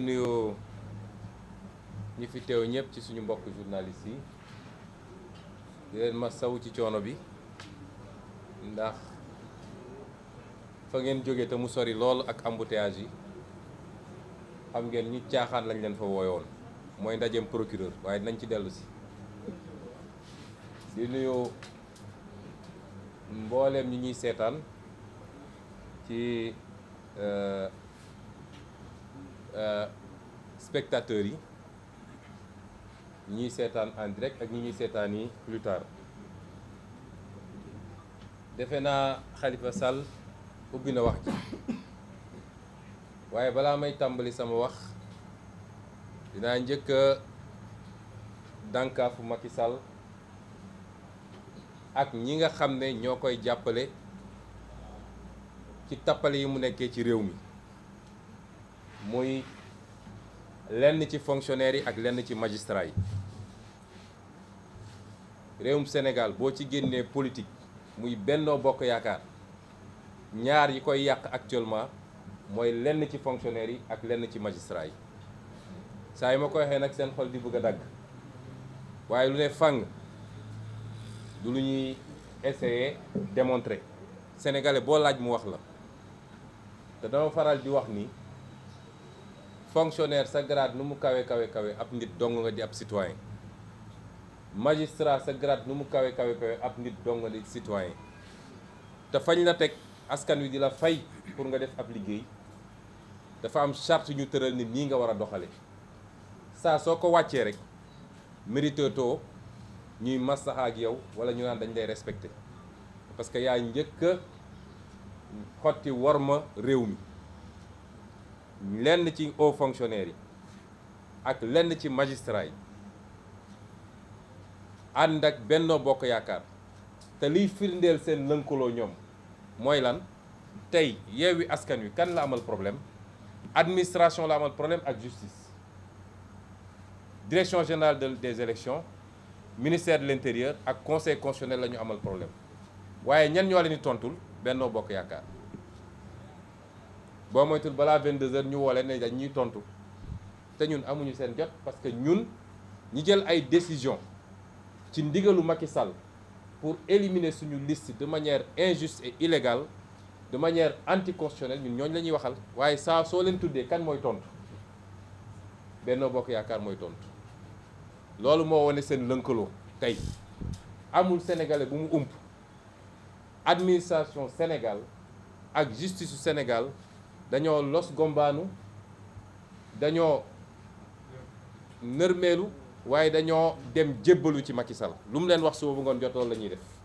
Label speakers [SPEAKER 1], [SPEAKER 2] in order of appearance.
[SPEAKER 1] ngi nuyoo ñi fi teew ñëpp ci suñu mbokk journaliste yi leen ma saw ci coono bi ndax fa ngeen jóge te mu sori lool ak embouteillage yi xam ngeen ñu caaxaan lañ leen fa wooyoon mooy ndajeem procureur waaye nañ ci dellu si di nuyu mbooleem ñi ñuy seetaan ci. Euh, Euh, spectateurs yi ñuy seetaan en ak ñi ñuy seetaani yi defe naa xalifa Sall ubbi na wax ji waaye balaa may tàmbali sama wax dinaa njëkk a dànkaafu Macky Sall ak ñi nga xam ne ñoo koy jàppale ci tappale yi mu nekkee ci réew mi muy lenn ci fonctionnaires yi ak lenn ci magistrats yi réewum Sénégal boo ci génnee politique muy Benno Bokk Yaakaar ñaar yi koy yàq actuellement mooy lenn ci fonctionnaires yi ak lenn ci magistrats yi saa yi ma koy waxee nag seen xol di bëgg a dagg waaye lu ne fànn du lu ñuy essayer démontrer sénégalais boo laaj mu wax la te dama faral di wax nii fonctionnaire sa grade nu mu kawe kawe kawe ab nit dong nga di ab citoyen magistrat sa grade nu mu kawe kawe kawe ab nit dong nga di citoyen te fañ la teg askan wi di la fay pour nga def ab liggéey dafa am chart ñu tëral nit nii nga war a doxale saa soo ko wàccee rek mérite too ñuy masaxa ak yow wala ñu naan dañ lay respecté parce que yaa njëkk a xotti worma réew mi lenn ci hauts fonctionnaires yi ak lenn ci magistrats yi ànd ak Benno Bokk Yaakaar te liy firndeel seen lënkaloo ñoom mooy lan tey Yewwi Askan Wi kan la amal problème administration la amal problème ak justice direction générale des élections ministère de l'intérieur ak conseil constitutionnel la ñu amal problème waaye ñan ñoo leen di tontul Benno Bokk Yaakaar boo moytul balaa 22h ñu woolee ne dañ ñuy tontu te ñun amuñu seen jot parce que ñun ñi jël ay décision ci ndigalu Macky Sall pour éliminer suñu liste de manière injuste et illégale de manière anticonstitutionnelle ñun ñooñ la ñuy waxal waaye saa soo leen tuddee kan mooy tontu Benno Bokk Yaakaar mooy tontu loolu moo wane seen lënkaloo tey amul sénégalais bu mu ump administration Sénégal ak justice su Sénégal dañoo los gombaanu dañoo nërmeelu waaye dañoo dem jébbalu ci Macky Sall lu mu leen wax suba bu ngoon jot loolu la ñuy def